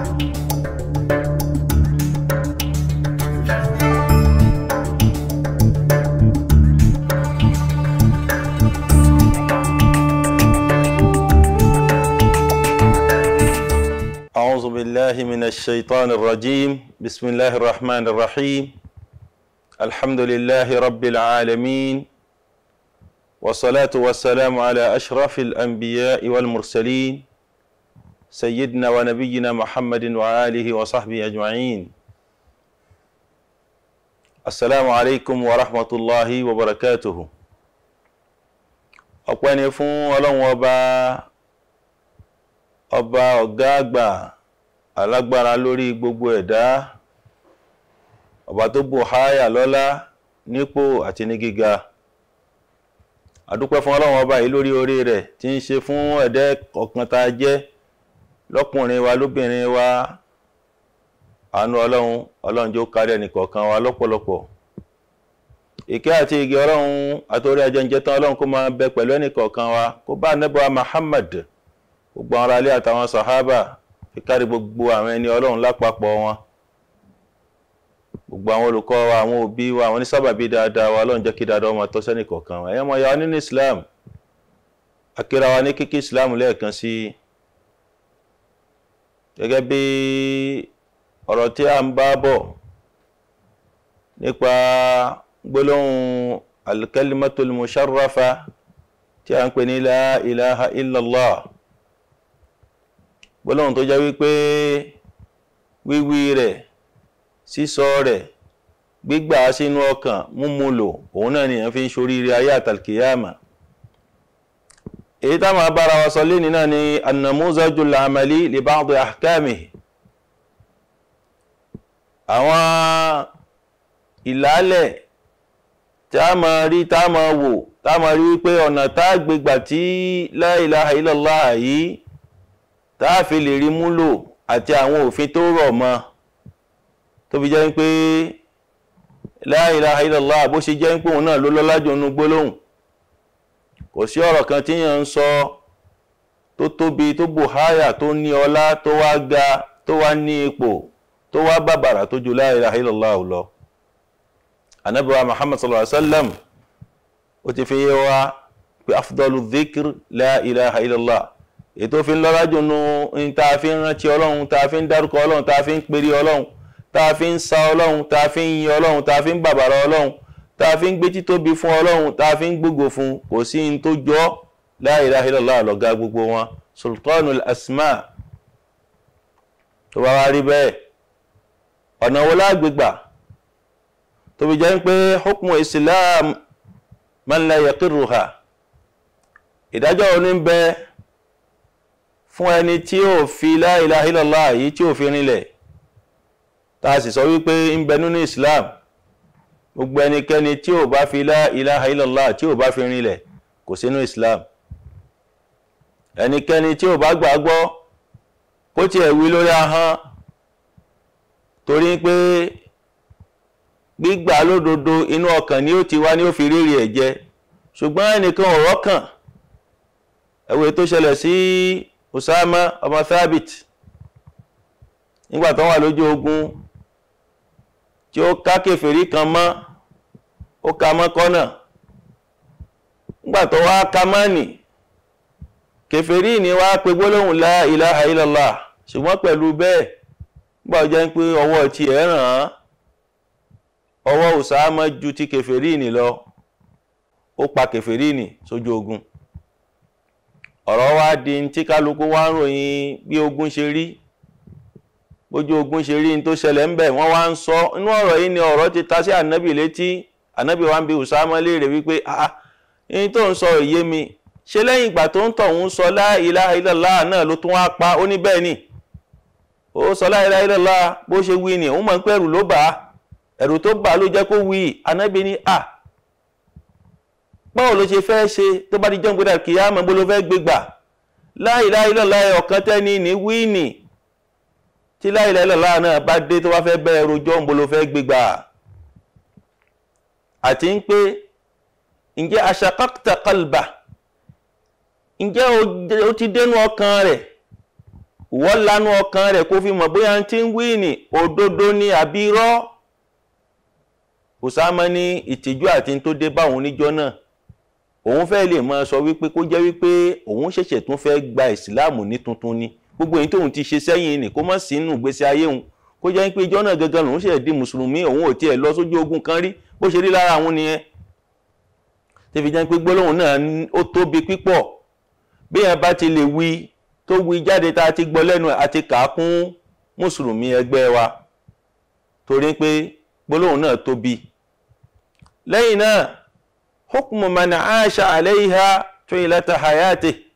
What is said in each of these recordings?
أعوذ بالله من الشيطان الرجيم بسم الله الرحمن الرحيم الحمد لله رب العالمين والصلاة والسلام على أشرف الأنبياء والمرسلين سيدنا ونبينا محمد وآله وصحبه أجمعين السلام عليكم ورحمة الله وبركاته ọpẹ́ ni fún ọlọ́run ọba ọba ọ̀gá àgbà alágbára lórí gbogbo ẹ̀dá ọba tó bò háyà lọ́lá nípò àti ní gíga adúpẹ́ fún ọlọ́run ọba yìí lórí oore rẹ̀ tí ń ṣe fún ẹ̀dẹ́ ọ̀kan tá a jẹ́ lọ́kùnrin wa lóbìnrin wa àánú ọlọ́run ọlọ́run jó kárí ẹnìkọ̀ọ̀kan wa lọ́pọ̀lọpọ̀ ìkẹ́ àti igi ọlọ́run àtòrí ajẹ́njẹ́ tán ọlọ́run kó máa bẹ pẹ̀lú ẹnìkọ̀ọ̀kan wa kó bá anábọ̀ Muhammad gbogbo àwọn aráalé àtàwọn sàhábà fi gbogbo àwọn ẹni ọlọ́run lápapọ̀ wọn gbogbo àwọn olùkọ́ wa àwọn òbí wa àwọn onísábàbí dáadáa wa ọlọ́run jẹ́ kí dáadáa ọmọ tọ́sẹ́nìkọ̀ọ̀kan wa ẹ̀yẹ́ mọ̀ ya nínú Islam akéra ní kíkí Islam lẹ́ẹ̀kan sí i gẹ́gẹ́ bí ọ̀rọ̀ tí a ń bá bọ̀ nípa gbólóhùn alkalimatul musharrafa tí a ń pè ní la ilaha illallah gbólóhùn tó jẹ́ wípé wíwí rẹ̀ sísọ rẹ̀ gbígbà sínú ọkàn múmúlò òun náà ni èèyàn fi ń ṣoríire ayé àtàlkìyàmà èyí táwọn abára wa sọ léni náà ni annamuzajul amali li ba'di ahkami àwọn ìlàálẹ̀ tí a mọ̀ rí tá mọ̀ wò tá mọ̀ rí wípé ọ̀nà tá gbégbà tí la ilaha illallah yìí tá fi lè rí múlò àti àwọn òfin tó rọ̀ mọ́ tó fi jẹ́ pé la ilaha bó ṣe jẹ́ pé òun náà ló lọ́lájò nú gbólóhùn kò sí ọ̀rọ̀ kan tí yàn ń sọ tó tóbi tó bùháyà tó ní ọlá tó wá ga tó wá ní ipò tó wá bàbàrà tó ju la ilaha illallah lọ Ànábì wa Muhammad sallallahu alaihi wa sallam ó ti fi yé wa pé afdalu dhikr la ilaha ètò fi lọ́lá jùnú ní tá fi ń rántí ọlọ́run tá fi ń dárúkọ ọlọ́run tá fi ń pèrè ọlọ́run tá fi ń sa ọlọ́run tá fi ń yin ọlọ́run tá fi ń bàbàrà ọlọ́run tá a fi ń gbé títóbi fún ọlọ́run tá a fi ń gbógo fún kò sí in tó jọ la ilaha illallah àlọ́gá gbogbo wọn sultanul asma tó bá wá rí bẹ́ẹ̀ ọ̀nà wo lágbègbà tó fi jẹ́ pé hukmu islam man la yaqirruha ìdájọ́ òní ń bẹ fún ẹni tí ó fi la yìí tí ó fi rinlẹ̀ tá sì sọ wípé ń bẹ nínú islam gbogbo ẹnikẹ́ni tí ò bá fi la ilaha illallah tí ò bá fi rinlẹ̀ kò sínú islam ẹnikẹ́ni tí ò bá gbàgbọ́ kó tiẹ̀ wí lórí ahọ́n torí pé gbígbà lódodo inú ọkàn ni ó ti wá ní ó fi riri ẹ̀ jẹ ṣùgbọ́n ẹnìkan ọ̀rọ̀ kan ẹ̀wẹ̀ tó ṣẹlẹ̀ sí Usama ọmọ Thabit nígbà tó wà lójú ogun tí ó ká kèfèrí kan mọ́ ó ká mọ́ kọ́nà nígbà tó wá ká mọ́ nì kèfèrí ni wá pe gbólóhùn la ilaha illallah ṣùgbọ́n pẹ̀lú bẹ́ẹ̀ nígbà ó jẹ́ pé ọwọ́ ti ẹ̀ ràn án ọwọ́ òsáámọ́ ju ti kèfèrí nì lọ ó pa kèfèrí nì sójú ogun ọ̀rọ̀ wá di tí kálukú wá ń ròyìn bí ogun ṣe rí bójú ogun ṣe rí ní tó ṣẹlẹ̀ ń bẹ̀ wọ́n wá ń sọ inú ọ̀rọ̀ yìí ni ọ̀rọ̀ ti ta sí ànábì létí ànábì wa ń bi Usama léèrè wípé ah ní tó ń sọ òye mi ṣe lẹ́yìn ìgbà tó ń tọ̀hún sọ la ilaha illallah náà ló tún wá pa ó ní bẹ́ẹ̀ ni ó sọ la ilaha illallah bó ṣe wí ni òun mọ̀ pé ẹ̀rù ló bà á ẹ̀rù tó bà á ló jẹ́ kó wí ànábì ni ah báwo ló ṣe fẹ́ ṣe tó bá di jọ́ǹgbẹ́dà kìí á mọ̀ bó ló fẹ́ gbégbà la ilaha illallah ọ̀kan tẹ́ni ní wí ni tí láìlẹ́ lọ́la náà bá dé tó bá fẹ́ bẹ́ẹ̀ rojọ́ ń bolo fẹ́ gbégbà àti ń pé ǹjẹ́ aṣàkọ́kítà kalba ǹjẹ́ o ti dénú ọkàn rẹ̀ wọ́n lanú ọkàn rẹ̀ kó fi mọ̀ bóyá ti ń wí ní òdodo ni àbí irọ́ ní ìtìjú àti tó dé bá òun náà òun fẹ́ lè máa sọ wípé kó jẹ́ wípé òun ṣẹ̀ṣẹ̀ tún fẹ́ gba ìsìláàmù ní tuntun ni. Tuntun ni gbogbo èyí tóun ti ṣe sẹ́yìn ni kó má sínú ìgbésí ayé òun kó jẹ́ pé ìjọ́ náà gangan lòun ṣe di mùsùlùmí òun ò tiẹ̀ lọ sójú ogun kan rí bó ṣe rí lára àwọn nìyẹn tẹ́fi jẹ́ pé gbólóhùn náà ó tóbi pípọ̀ bí ẹ bá ti lè wí tó wí jáde tá a ti gbọ́ lẹ́nu àti kà á kún mùsùlùmí ẹgbẹ́ wa torí pé gbólóhùn náà tóbi lẹ́yìn náà hukmu man aasha alayha tuilata hayatihi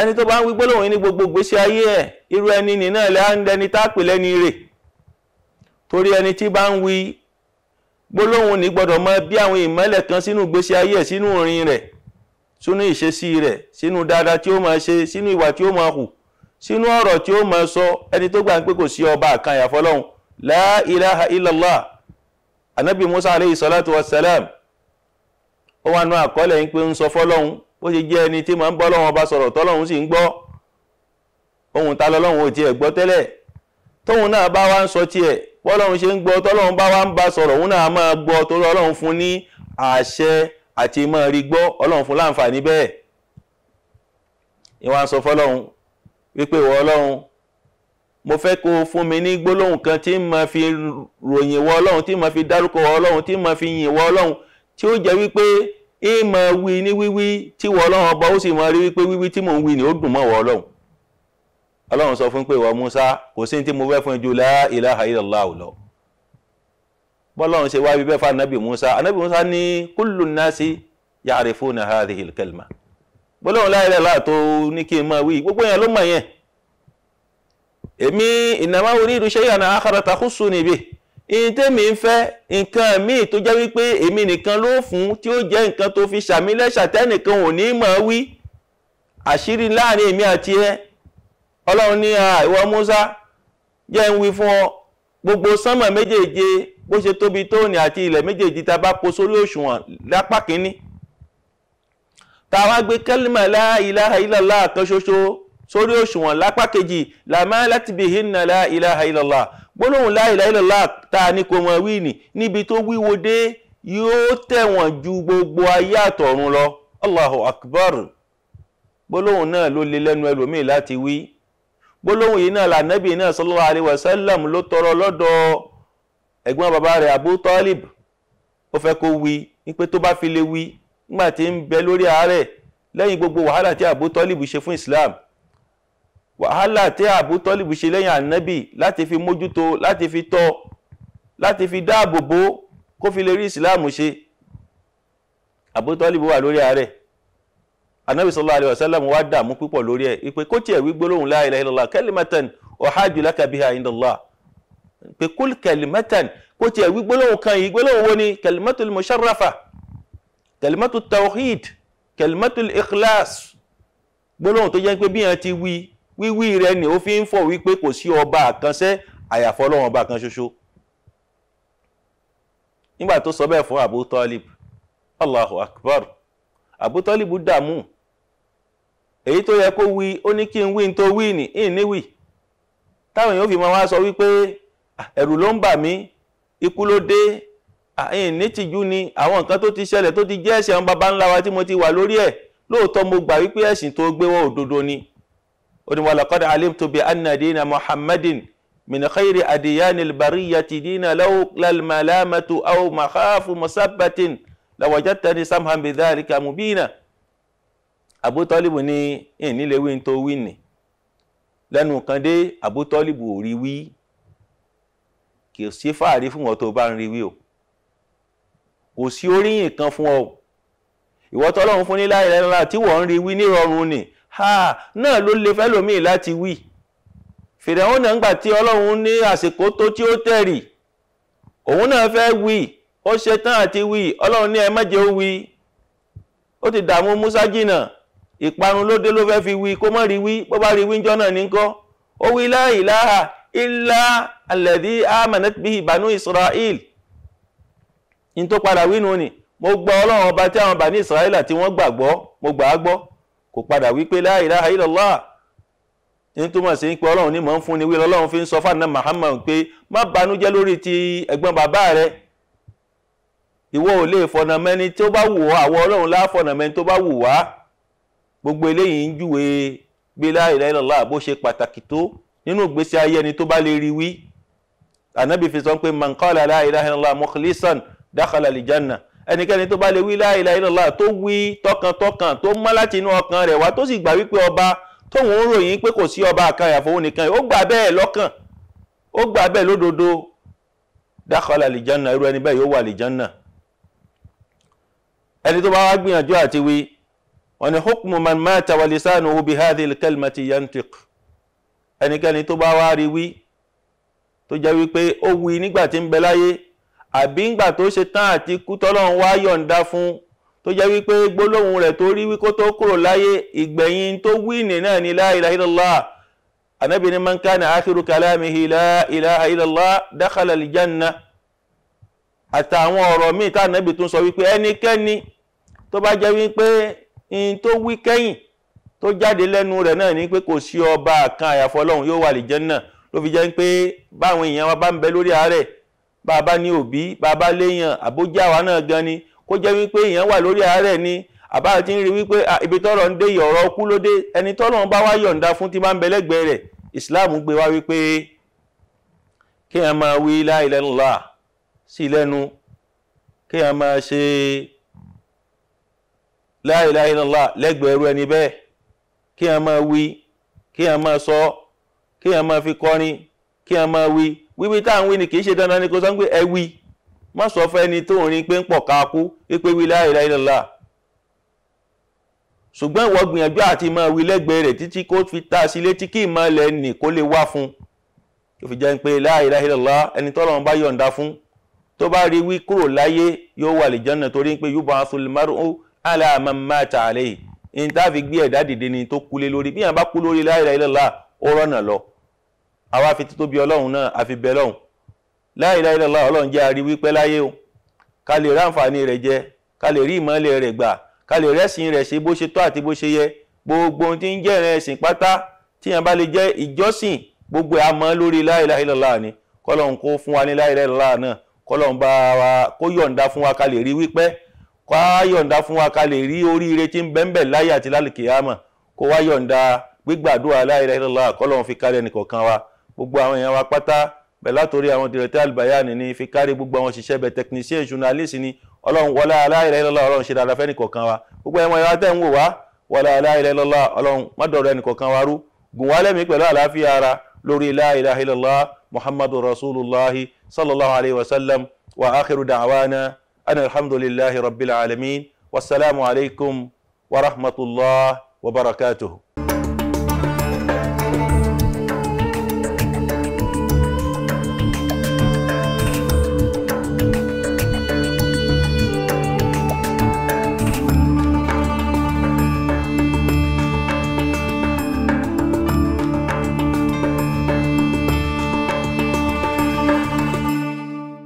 ẹni tó bá ń wí gbólóhùn yìí ní gbogbo ìgbésí ayé ẹ̀ irú ẹni nì náà lẹ́yà ń dẹni tá pè lẹ́ni rè torí ẹni tí bá ń wí gbólóhùn ní gbọ́dọ̀ mọ bí àwọn ìmọ́lẹ̀ kan sínú ìgbésí ayé ẹ̀ sínú orin rẹ̀ sínú ìṣesí rẹ̀ sínú dáadáa tí ó máa ṣe sínú ìwà tí ó máa hù sínú ọ̀rọ̀ tí ó máa sọ ẹni tó gbà ń pé kò sí ọba kan àyàfi Ọlọ́hun la ilaha illallah anabi musa aleyhi salatu wa salam ó wà nú àkọọ́lẹ̀ yín pé ń sọ fọ́lọ́hun bó ṣe jẹ́ ẹni tí máa ń bọ́ lọ́wọ́n bá sọ̀rọ̀ tọ́lọ́hún sì ń gbọ́ ohun ta lọ́lọ́hún ò tiẹ̀ gbọ́ tẹ́lẹ̀ tóun náà bá wá ń sọ tiẹ̀ bọ́lọ́hún ṣe ń gbọ́ tọ́lọ́hún bá wá ń bá sọ̀rọ̀ òun náà máa gbọ́ torí ọlọ́hún fún ní àṣẹ àti máa rí gbọ́ ọlọ́hún fún láǹfààní bẹ́ẹ̀ ìwà ń sọ fọlọ́hún wípé ìwọ ọlọ́hún mo fẹ́ kó o fún mi ní gbólóhùn kan tí mo fi ròyìn wọ ọlọ́hún tí mo fi dárúkọ ọlọ́hún tí mo fi yìn wọ ọlọ́hún tí ó jẹ́ wípé ìmọ̀ wí ní wíwí tí wọ́n ọlọ́run ọba ó sì mọ̀ rí wípé wíwí tí mò ń wí ni ó dùn mọ́ wọ́n ọlọ́run ọlọ́run sọ fún pé wọ́n Musa kò sí tí mo fẹ́ fún ju la ilaha illallah lọ bọ́lọ́run ṣe wá bíbẹ́ fún anabi Musa anabi Musa ní kullu nasi ya'rifuna hadhihi al-kalima bọ́lọ́run la ilaha tó ní kí n máa wí gbogbo yẹn ló mọ̀ yẹn èmi innama uridu shay'an akhara takhusuni bihi ihun tèmi ń fẹ́ nǹkan míì tó jẹ́ wípé èmi nìkan ló fún tí ó jẹ́ nǹkan tó fi ṣàmìlẹ́ṣà tẹ́nìkan ò ní mọ̀ wí àṣírí láàrin èmi àti ẹ ọlọ́run ní ìwọ Musa jẹ́ ń wí fún ọ gbogbo sánmọ̀ méjèèje bó ṣe tóbi tóòní àti ilẹ̀ méjèèjì tá a bá po sórí òṣùwọ̀n lápá kínní tá a wá gbé kẹ́límà la ilaha illallah kan ṣoṣo sórí òṣùwọ̀n lápá kejì làmá láti bihinna la ilaha illallah gbólóhùn la ilaha illallah tá a ní kó mọ wí nì níbi tó wíwo dé yóò tẹ̀wọ̀n ju gbogbo ayé àtọ̀run lọ allahu akbar gbólóhùn náà ló le lẹ́nu ẹlòmíì láti wí gbólóhùn yìí náà lànàbì náà sallallahu alaihi wasallam ló tọrọ lọ́dọ̀ ẹ̀gbọ́n bàbá rẹ̀ abu talib ó fẹ́ kó wí wípé tó bá fi lè wí nígbà tí ń bẹ lórí àárẹ̀ lẹ́yìn gbogbo wàhálà tí abu talib ṣe fún islam wàhálà tí àbú tọ́lìbù ṣe lẹ́yìn ànábì láti fi mójútó láti fi tọ́ láti fi dáàbò bò kó fi lè rí ìsìláàmù ṣe àbú tọ́lìbù wà lórí ààrẹ ànábì sallallahu alaihi wasallam wá dààmú púpọ̀ lórí ẹ̀ ìpè kó tiẹ̀ wí gbólóhùn la ilaha illallah kalimatan uhajju laka biha indallah pé kul kó tiẹ̀ wí gbólóhùn kan yìí gbólóhùn wo ni kalimatul musharrafa kalimatul tawhid kalimatul ikhlas gbólóhùn tó jẹ́ pé bí yẹn ti wí wíwí rẹ̀ ni ó fi ń fọ̀ wípé kò sí ọba àkànṣe àyàfọ́ ọlọ́run ọba kan ṣoṣo nígbà tó sọ bẹ́ẹ̀ fún Abu Talib Allahu Akbar Abu Talib dààmú èyí tó yẹ kó wí ó ní kí n wí n tó wí ní ìníwì táwọn èèyàn fi máa wá sọ wípé ẹ̀rù ló ń bà mí ikú ló dé àyìn nítìjú ni àwọn nǹkan tó ti ṣẹlẹ̀ tó ti jẹ́ ẹ̀ṣẹ̀ àwọn baba ńlá wa tí mo ti wà lórí ẹ̀ lóòótọ́ mo gbà wípé ẹ̀sìn tó gbé wọ́n òdodo ni ó ní walaqad alimtu bi anna dina muhammadin min khayri adiyani albariyati dina law lalmalamatu aw makhafu musabbatin lawajadtani samhan bidhalika mubina Abu Talib ní ìnílẹ̀wé ń tó wí nì lẹ́nu kan dé Abu Talib ò kì í ṣe fàárí fún wọn tó bá ń rí o kò sí oríyìn kan fún ọ ìwọ tọ́lọ́run fún ní láìláìláà tí wọ́n ń rí wí nírọ̀rùn ni náà ló lè fẹ́ lómi láti wí fìrẹ̀hún náà ńgbà tí ọlọ́run ní àsìkò tó tí ó tẹ̀rì òun náà fẹ́ wí ó ṣe tán àti wí ọlọ́run ní ẹ má jẹ́ ó wí ó ti dààmú Musa jìnà ìparun ló dé ló fẹ́ fi wí kó má rí wí bó bá rí wí ńjọ́ náà ní kọ́ ó wí la ilaha illa alladhi amanat bihi banu Israel ní tó padà wínú ni mo gbọ́ ọlọ́run ọba tí àwọn bani Israel tí wọ́n gbàgbọ́ mo gbà á gbọ́ kò padà wípé la ilaha illallah ní túmọ̀ sí pé ọlọ́run ní mọ̀ ń fún ni wí lọ́lọ́run fi ń sọ fáànà Muhammad pé má banújẹ́ lórí ti ẹ̀gbọ́n bàbá rẹ ìwọ ò lè fọ̀nà mẹ́ni tó bá wù ọ́ àwọ ọlọ́run láfọ̀nà mẹ́ni tó bá wù wá gbogbo eléyìí ń júwe bí la ilaha bó ṣe pàtàkì tó nínú ìgbésí ayé ẹni tó bá lè rí wí ànábì pé man qala la ilaha illallah mukhlisan ẹnikẹ́ni tó bá lè wí la ilaha illallah tó wí tọkàntọkàn tó mọ́ láti inú ọkàn rẹ̀ wá tó sì gbà wípé ọba tóun ń ròyìn pé kò sí ọba kan àyàfo nìkan ó gbà bẹ́ẹ̀ lọ́kàn ó gbà bẹ́ẹ̀ lódodo dakhala aljanna irú ẹni bẹ́ẹ̀ yóò wà aljanna ẹni tó bá wá gbìyànjú àti wí wọn ni man mata wa lisanuhu bi hadhihi al-kalimati ẹnikẹ́ni tó bá wá rí wí tó jẹ́ wípé ó wí nígbà tí ń bẹ láyé àbí ńgbà tó ṣe tán àti kú tọ́lọ́run wá yọ̀ǹda fún tó jẹ́ wípé gbólóhùn rẹ̀ tó rí wíkó tó kúrò láyé ìgbẹ̀yìn tó wíìnì náà ni la ilaha illallah ànábì ní man kana akhiru kalamihi la ilaha illallah dakhala aljanna àtàwọn ọ̀rọ̀ míì tá ànábì tún sọ wípé ẹnikẹ́ni tó bá jẹ́ wípé in tó wí kẹ́yìn tó jáde lẹ́nu rẹ̀ náà ni pé kò sí ọba kan àyàfọ́ Ọlọ́run yóò wà lìjẹ́ ló fi jẹ́ pé báwọn èèyàn wa bá ń bẹ lórí àárẹ̀ bàbá ní òbí bàbá léèyàn àbójá àwa náà gan ni kó jẹ́ wípé èèyàn wà lórí àárẹ̀ ni àbá ti ń rí wípé ibi tọ́rọ̀ ń dé yìí ọ̀rọ̀ kú ló dé ẹni tọ́rọ̀ ń bá wá yọ̀ǹda fún tí máa ń bẹ rẹ̀ Islam gbé wá wípé kéèyàn máa wí la ilaha illallah sí lẹ́nu kéèyàn máa ṣe la ilaha illallah lẹ́gbẹ̀ẹ́ ẹrú ẹni bẹ́ẹ̀ kéèyàn máa wí kéèyàn máa sọ kéèyàn máa fi kọrin kéèyàn máa wí wíwí tá à ń wí ni kì í ṣe dandan ni kò sọ pé ẹ wí má sọ fún ẹni tó ń rin pé ń pọ̀ káàkú pé wí la ilaha illallah ṣùgbọ́n ìwọ gbìyànjú àti máa wí lẹ́gbẹ̀ẹ́ rẹ̀ títí kó fi tá a sí létí kí ìmọ̀ ilẹ̀ nì kó lè wá fún kò fi jẹ́ pé la ilaha illallah ẹni tọ́lọ́run bá yọ̀ǹda fún tó bá rí wí kúrò láyé yóò wà lè jẹ́nà torí pé yub'athul mar'u ala ma mata alayhi ní tá a fi gbé ẹ̀dá dìde ni tó kú lé lórí bí yàn bá kú lórí la ilaha illallah ó rọ̀nà lọ àwa fi títóbi ọlọ́run náà àfi bẹ lọ́hùn la ilaha illallah ọlọ́run jẹ́ àrí wípé láyé o ká lè ráǹfààní rẹ̀ jẹ ká lè rí ìmọ̀lẹ̀ rẹ̀ gbà ká lè rẹ́sìn rẹ̀ ṣe bó ṣe tọ́ àti bó ṣe yẹ gbogbo ohun tí ń jẹ́ ẹ̀rẹ́ ẹ̀sìn pátá tíyẹn bá lè jẹ́ ìjọsìn gbogbo ẹ̀ àmọ́ lórí la ni kọ́lọ́hún kó fún wa ní la ilaha illallah náà kọ́lọ́hún bá wa kó yọ̀ǹda fún wa ká lè rí wípé kó á yọ̀ǹda fún wa ká lè rí la ilaha illallah kọ́lọ́hún fi kárẹ́ gbogbo àwọn èèyàn wa pátá bẹ̀ látòrí àwọn dìrẹ̀tẹ́ àlùbáyánì ni fi kárí gbogbo àwọn òṣìṣẹ́ bẹ̀ technician journalist ni ọlọ́run wọlé aláìlẹ́ lọ́la ọlọ́run ṣe dáadáa fẹ́ni kọ̀ọ̀kan wa gbogbo ẹ̀mọ ìwà tẹ̀ ń wò wá wọlé aláìlẹ́ lọ́la ọlọ́run má dọ̀rọ̀ ẹnì kọ̀ọ̀kan wa rú gùn wá lẹ́mìí pẹ̀lú àlàáfíà ara lórí la ilaha illallah muhammadu rasulullahi sallallahu alayhi wa wa rahmatulah wa barakatuhu.